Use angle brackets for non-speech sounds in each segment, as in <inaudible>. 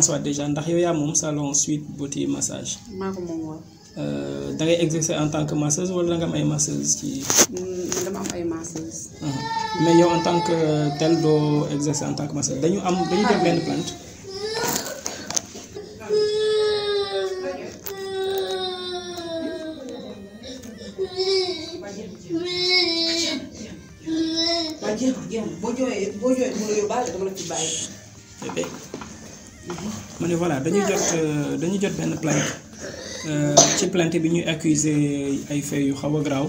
commencé waat déjà ndax yow yaa moom salon suite beauté massage. maa ko moom waaw. Euh, en tant que masseuse wala nga am ay masseuses ci. Mm, dama am ay masseuses. Uh-huh. mais yow en tant que tel doo exercer en tant que masseuse dañu am dañu def benn plainte. ma ne voilà dañu jot euh, dañu jot benn plainte euh, ci plainte bi ñuy accuser ay faits yu xaw a graaw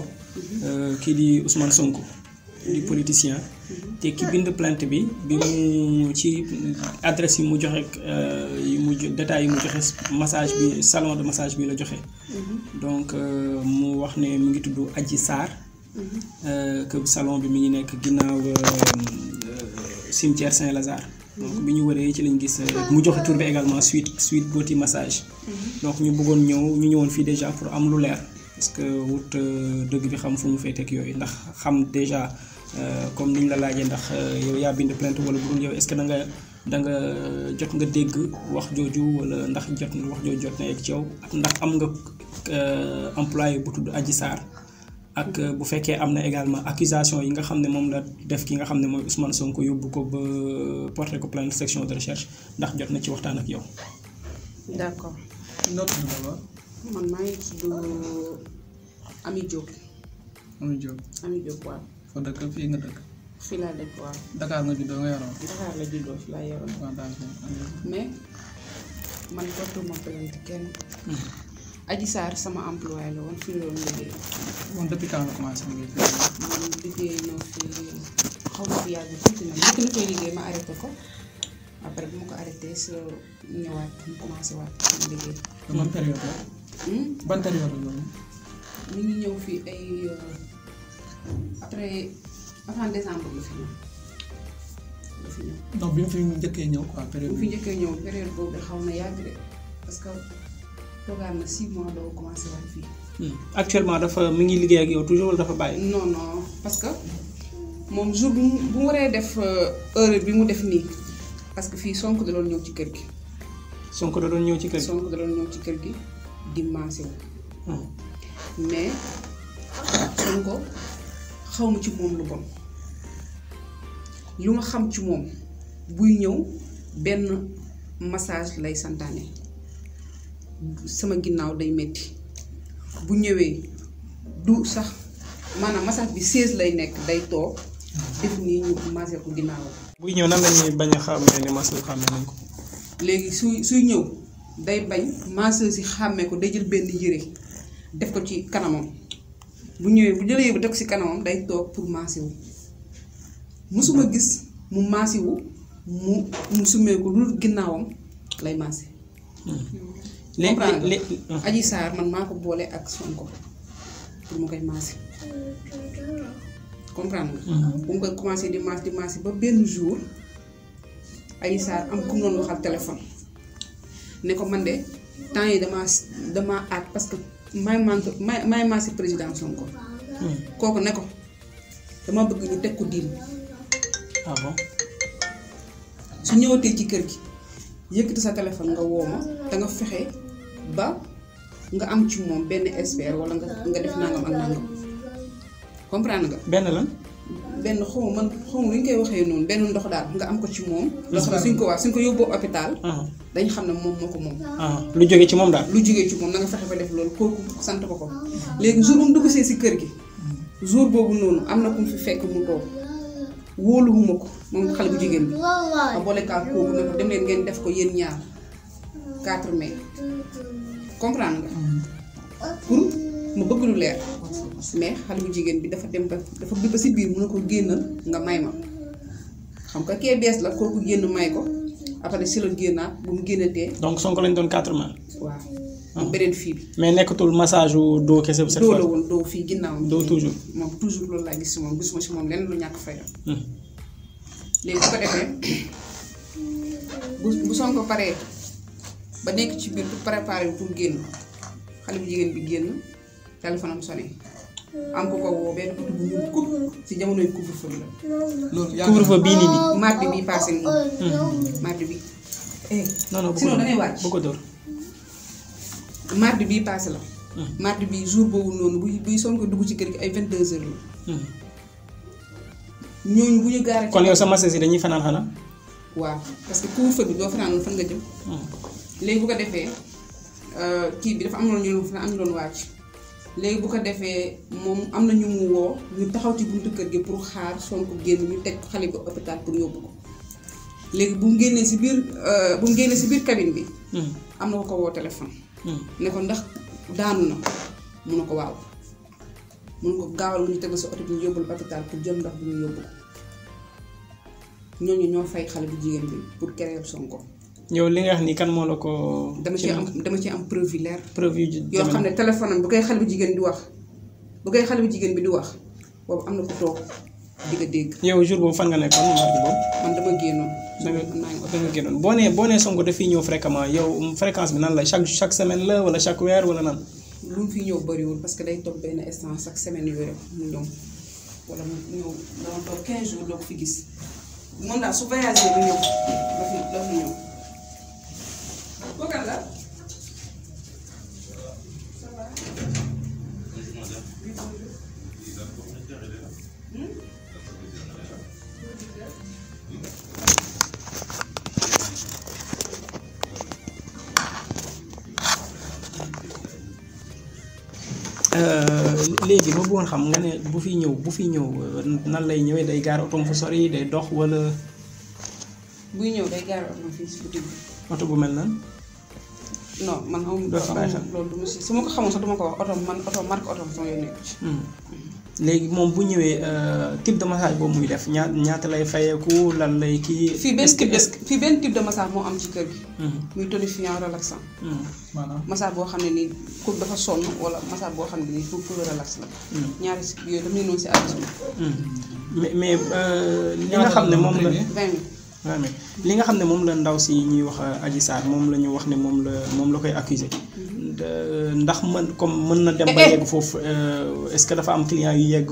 euh, kii di Ousmane Sonko di politicien te ki bind plainte bi bi mu ci adresse yi mu joxe yi mu détails yi mu joxe massage bi salon de massage bi la joxe donc mu wax ne mu ngi tudd Adji Sarr mhm. que salon bi mi ngi nekk ginnaaw cimetière Saint-Lazare donc bi ñu waree ci lañ gis euh, mu joxe tur bi également Sweet Sweet Beauty Massage. donc ñu bëggoon ñëw ñu ñëwoon fii déjà pour am lu leer parce que wut euh, dëgg bi xam fu mu feeteek yooyu ndax xam déjà euh, comme niñ la laajee ndax yow yaa bind plainte wala bu dul yow est-ce que da nga da jot nga dégg wax jooju wala ndax jot wax jooju jot na ak yow ndax am nga employé bu tudd aji Sarr. ak euh, bu fekkee am na également accusation yi nga xam ne moom la def ki nga xam ne mooy Ousmane Sonko yóbbu ko ba euh, porté ko plainte section de recherche ndax jot na ci waxtaan ak yow. d'accord. man nga juddoo nga yaroo. Dakar la juddoo fi laa yaroo. mais man portuma plainte kenn. Hmm. Adji Sarr sama emploi la woon fii la woon woon depuis quand nga xaw ma fi yàgg tuuti nag njëkk na ko après bu ma ko mu la. ban période hmm? ngi ñëw fii ay euh, après avant décembre la fi ñëw. fi mu fi njëkkee ñëw quoi période bi. njëkkee ñëw boobu xaw na yàgg de parce que toogaan na moom mois doo waat fii. Hmm. actuellement dafa mi ngi liggéey ak yow toujours wala dafa bàyyi. non non parce que moom jour bi mu bu mu waree def euh, heure bi mu def nii parce que fii Sonko da doon ñëw ci kër gi. Sonko da doon ñëw ci kër gi Sonko da ci kër gi dimanche hmm. mais Sonko xaw ma ci moom lu bon lu ma xam ci moom buy ñëw benn massage lay santaane sama ginnaaw day metti bu ñëwee du sax maanaam massage bi seize lay nekk day toog def nii ñu massé ko ginnaaw buy ñëw nan la ñuy bañ a xàmmee ne masseuse xàmmee nañ ko. léegi suy suy ñëw day bañ masseuse si xàmmee ko day jël benn yére def ko ci kanamam bu ñëwee bu jëlee yére def ko ci kanamam day toog pour massé wu musuma gis mu massé wu mu mu summeeku ko lu ginnaawam lay massé. Hmm. léegi Adji Sarr man maa ko boole ak Sonko pour mu koy maasi. comprendre nga. bu mhm. mu koy commencé di maas di maas ba benn jour Adji Sarr am ku mu waxal téléphone ne ko man de temps yi damaa damaa aat parce que may manqué may président Sonko. Hmm. kooku ne ko dama bëgg ñu teg ko diin. ah su ñëwatee ci kër gi yëkkati sa téléphone nga woo ma da nga fexe. ba nga am ci moom benn expert wala nga def nangam ak nangam comprendre nga. benn lan. benn xaw ma man xaw ma ñu koy waxee noonu benn ndox daal nga am ko ci moom. ndox la suñ ko waa suñ ko yóbboo hôpital. Ah. dañ xam ne moom moo ko moom. Ah. lu jógee ci moom daal. lu jógee ci moom na nga fexe ba def loolu kooku sant ko ko léegi jour bu mu dugg see si kër gi. jour boobu noonu am na ku fi fekk mu toog wóoluwuma ko moom xale bu jigéen bi. ma boole kaa kooku ne dem leen ngeen def ko yéen ñaar 4 mai. comprendre nga. pour mu bëgg lu leer. mais xale bu jigéen bi dafa dem ba dafa bi ba si biir mun a ko génnal nga may ma xam nga kee bees la kooku génn may ko après si la génnaat bu mu génnatee. donc sonko lañ doon quatre mois. waaw. moom ah. fii bi. mais nekkatul massage doo kese. cette fois doo la woon doo fii ginnaaw. doo moom toujours loolu laa gis si moom gisuma si moom lenn lu ñàkk fayda. Hmm. léegi ko defee bu bu paree. ba nekk ci biir pour préparer pour génn xale bu jigéen bi génn téléphone am sonné am ko ko woo benn bii nii nii. bi passé nii. Hmm. Eh, ko bii passé la. Hmm. mardi bi jour boobu noonu buy buy dugg ci kër gi ay 22h la. Hmm. ñooñu bu ñu gaaree. kon yow sama sës dañuy fanaan xanaa. waaw parce que couvre doo fanaan fan nga jëm. léegi bu ko defee euh, kii bi dafa am na ñu am doon wàcc léegi bu ko defee moom am na ñu mu woo ñu taxaw ci buntu kër gi pour xaar Sonko génn ñu teg xale bi hôpital pour yóbbu ko léegi bu mu génnee si biir euh, bu mu si biir cabine bi. Hmm. am na ko ko woo téléphone. Hmm. ne ko ndax daanu na mun na ko waaw mun ko gaawal ñu tegal si oto bi ñu yóbbul hôpital pour jëm ndox mu ñu yóbbu ko ñooñu ñoo fay xale bu jigéen bi pour kereel Sonko. yow li nga wax nii kan moo la ko. dama ci am dama ci am preuve leer. preuve yu xam ne téléphone bu koy xale bu jigéen di wax bu koy xale bu jigéen bi di wax boobu am na ko toog di nga dégg. yow jour boobu fan nga nekkoon man dama génnoon. dama dama génnoon boo nee boo nee Sonko dafiy ñëw fréquemment yow um, fréquence bi nan la chaque chaque semaine la wala chaque weer wala nan. lu mu fi ñëw bëriwul parce que day toog benn instant chaque semaine yooyu mu ñëw wala mu ñëw dama toog fi gis mën naa kan la. Euh, léegi ma xam nga ne bu fi ñëw bu fi ñëw euh, nan lay ñëwee day gaar otoom fu sori day dox wala. buy ñëw day gaar otoom fii si guddi oto bu mel na non man xaw ma dootuma loolu du si su ma ko xamoon sax du ma ko wax oto man oto marque oto sama yoon nekk ci. Hmm. léegi moom bu ñëwee euh, type de massage boobu muy def ñaata ñaata lay fayeeku lan lay kii. fii benn type fi benn type de massage moo am ci kër gi. Hmm. muy tonifiant relaxant. maanaam massage boo xam ne nii pour dafa sonn wala massage boo xam ne nii pour pour relax la. Hmm. ñaari yooyu daf ñu noonu si àdduna. mais mais euh, li nga xam ne moom la. li nga xam ne moom la ndaw si ñuy wax euh, aji Sarr moom la ñu wax ne moom la moom la koy accusé euh, ndax mën comme mën na dem ba eh, eh. yegg foofu euh, est-ce que dafa am client yu yegg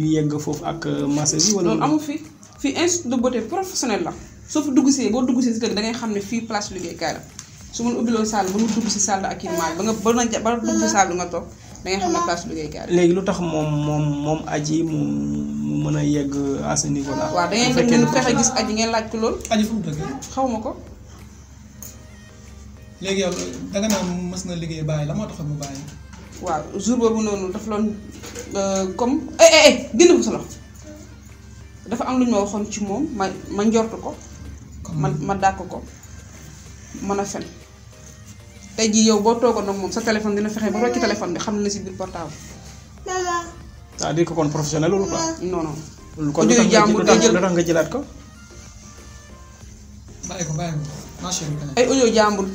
yu yegg foofu ak massage yi wala loolu amul fii fii institut de beauté professionnel la soo fi dugg see boo dugg see si kër da ngay xam ne fii place liggéeykaay la su ma ubbiloon salle ba nga dugg si salle ak ba nga ba nga ba dugg si salle nga toog da ngay xam ne place liggéeykaay léegi lu tax moom moom moom aji mu mu mën a yegg à ce niveau là. waaw da ngeen fexe gis aji ngeen laaj lool. aji xaw ma ko. léegi yow danga naan na liggéey bàyyi la moo tax mu bàyyi. waaw jour boobu noonu dafa loon euh, comme eh eh, eh dindi ko sa dafa am lu ñu ma waxoon ci moom ma ma njort ko. ma ma dàq ko mën a fen. tey jii yow boo toogoon ak moom sa téléphone dina fexe ba rocc téléphone bi xam na la si biir portable. c'est-à-dire que kon professionnel loolu quoi. non non. lu ko jël jàmbur day jël lu tax nga jëlaat ko. bàyyi ko bàyyi ko ay audio jàmbur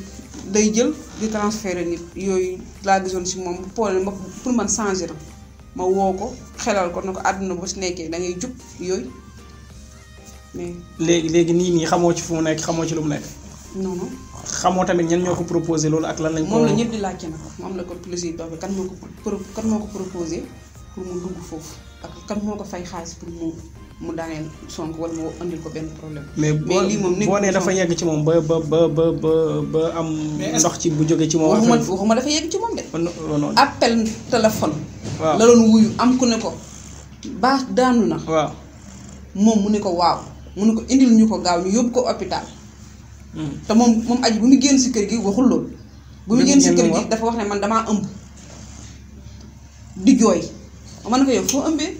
day jël di transféré nit yooyu laa gisoon si moom bu poolee ma pour man changer ma woo ko xelal ko na ko àdduna ba si nekkee da ngay jub yooyu mais. léegi léegi nii nii xamoo ci fu mu nekk xamoo ci lu mu nekk. non non. xamoo tamit ñan ñoo ko proposé loolu ak lan lañ ko moom la ñëpp di laajte nag moom la ko plaisir dox kan moo ko kan moo ko proposé mu foofu ak kan moo ko fay xaalis pour mu mu daaneel Sonko wala mu andil ko benn problème. mais lii moom boo nee dafa yegg ci moom ba ba ba ba ba am. ndox ci bu jóge ci moom. waxuma waxuma dafa yegg ci moom de. Oh, oh, appel téléphone. waaw la doon wuyu am ku ne ko. baax daanu na. waaw moom mu ne ko waaw mu ne ko indil ñu ko gaaw ñu yóbbu ko hôpital. te moom moom aji bu mu génn si kër gi waxul loolu. bu mu génn si kër gi dafa wax ne man damaa ëmb. di man na ko yow foo ëmbee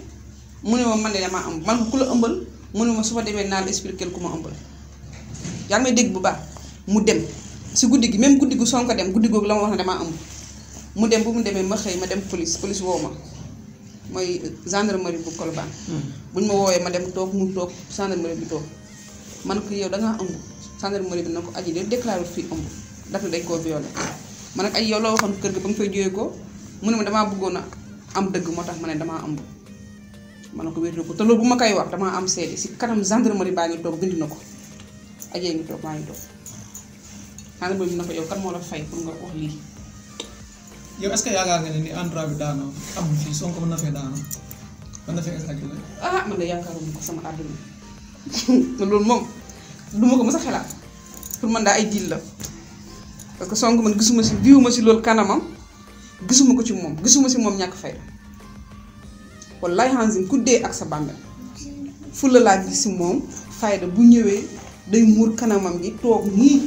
mu ne ma man de damaa ëmb man ko ëmbal mu ne ma su ma demee naa la expliqué ku ma ëmbal. yaa bu baax mu dem si guddi gi même guddi gu Sonko dem guddi googu la wax ne damaa ëmb mu dem bu mu demee ma xëy ma dem police police woo ma. mooy gendarmerie bu Colobane. Hmm. buñ ma woowee ma dem toog mu toog gendarmerie bi toog man ko yow da ëmb. gendarmerie bi na ko aji de déclaré fii ëmb daf dañ koo violé ma nag ay yow loo waxoon kër ga ba nga fay jógee ko mu ne ma damaa bëggoon a am dëgg moo tax ma ne damaa ëmb ma ne ko wér ko te bu ma koy wax damaa am seede si kanam gendarmerie baa ngi toog bind na bi na ko yow kan moo la fay pour nga wax lii. yow est-ce que yaakaar nga ne ni endroit bi daanoo am fii Sonko mën na fee daanoo mën na fee ah, exactement. ko sama àdduna <laughs> loolu moom. du ma ko mës a xelaat pour man daa ay diil la parce que Sonko man gisuma si viwuma si loolu kanamam gisuma ko ci moom gisuma si moom ñàkk fayda wallaay hanzin ku dee ak sa bàmmeel fulla laa gis si moom fayda bu ñëwee day muur kanamam yi toog nii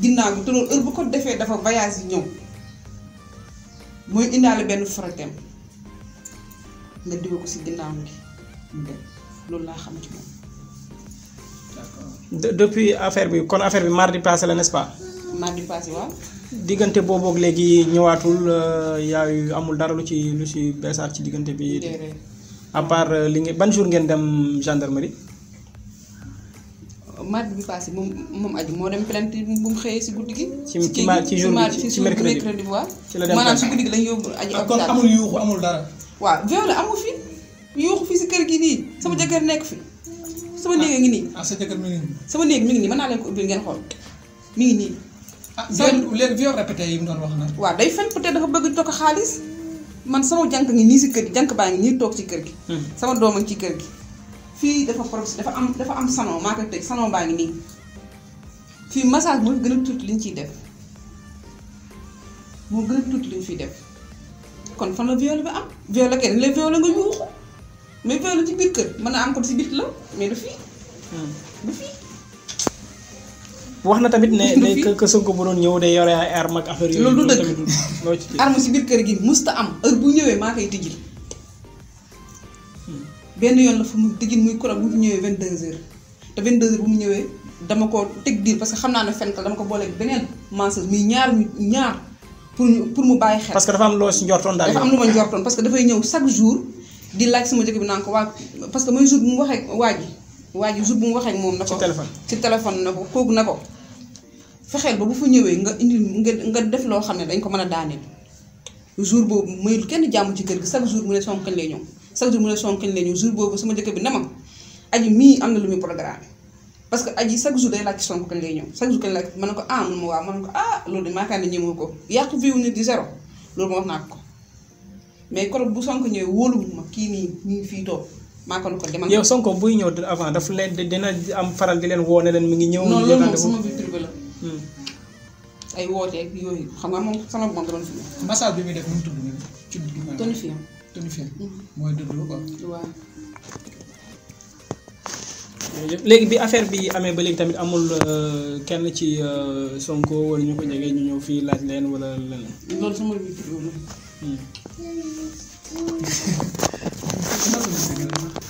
ginnaaw bi te loolu heure bu ko defee dafa voyage yi ñëw mooy indaale benn fratem nga diwa ko si ginnaaw gi loolu laa xam ci moom depuis affaire bi kon affaire bi mardi passé la n'est-ce pas. mardi waaw. diggante boobu léegi ñëwaatul yaay euh, amul dara lu ci lu ci beesaat ci diggante bi. à part euh, li ngeen ban jour ngeen dem gendarmerie. mardi bi passé moom moom aju moo dem plainte bu mu xëyee si guddi gi. ci ci ci jour ci ci la dem maanaam si guddi gi lañ yóbbu aju. ak ah, amul yuuxu amul dara. waaw viol amul fi yuuxu fi si kër gi nii sama jëkkër nekk fi. sama néeg a ngi nii. ah sa mi ngi nii. sama néeg mi ngi nii mën naa leen ko ubbil ngeen xool mi ngi nii. ah léegi viol répété yi mu doon wax na. waaw day fen peut dafa bëgg toog xaalis man sama jànk ngi nii si kër gi janq baa ngi nii toog ci kër gi. Hmm. sama doom a ngi ci kër gi. fii dafa prox dafa am dafa am salon maa koy tëj salon baa ngi nii fii massage moo gën a tuuti li ñu ciy def moo gën a tuuti li ñu def kon fan la viol bi am viol kay dañ lay viol nga yuuxu mais viol ci biir kër mën na am ko ci biti la mais du fii hmm. na tamit ne <laughs> ne que ñëw day yore ay arme affaire yooyu. loolu du dëgg arme si biir kër gi musta am heure ñëwee maa koy tijjil. yoon la mu tijjil muy kuréel bu mu ñëwee 22h te 22 bu mu ñëwee dama ko teg diir parce que xam naa ne fenkal dama ko booleeg beneen mensonge muy ñaar ñu ñaar pour ñu pour mu bàyyi xel. parce que dafa am loo si njortoon daal dafa am lu ma njortoon parce que dafay ñëw chaque jour. di laaj sama jëkk bi naan ko waa parce que mooy jour bu mu waxee waa ji waa ji jour bu mu waxee moom na ko ci téléphone na ko kooku na ko fexeel ba bu fa ñëwee nga indi nga nga def loo xam ne dañ ko mën a daaneel jour boobu mayul kenn jàmm ci kër gi chaque jour mu ne sonk kañ lay ñëw chaque jour mu ne sonk kañ boobu sama jëkk bi ne ma aji mii am na lu muy programme parce que aji chaque jour day laaj sonk kañ lay ñëw chaque jour kañ laaj mën na ko ah mun ma waaw mën na ko ah loolu de maakaar ko yàqu viwu nit di zéro loolu wax naa ko mais koro bu Sonko ñëwee wóoluwuma kii nii ñu ngi fii toog maa ko ko demal. yow Sonko buy ñëw avant daf leen dina am faral di leen woo ne leen mi ngi ñëw. non loolu moom sama vie hmm. yooyu xam nga moom sama moom da bi muy def nu mu tudd nii ci biir. tonifiant tonifiant. mooy léegi bi affaire bi amee ba léegi tamit amul euh, kenn ci euh, Sonko wala ñu ko jege ñu ñëw fii laaj leen wala leneen. loolu sama vie privée Hmm. Nasıl bir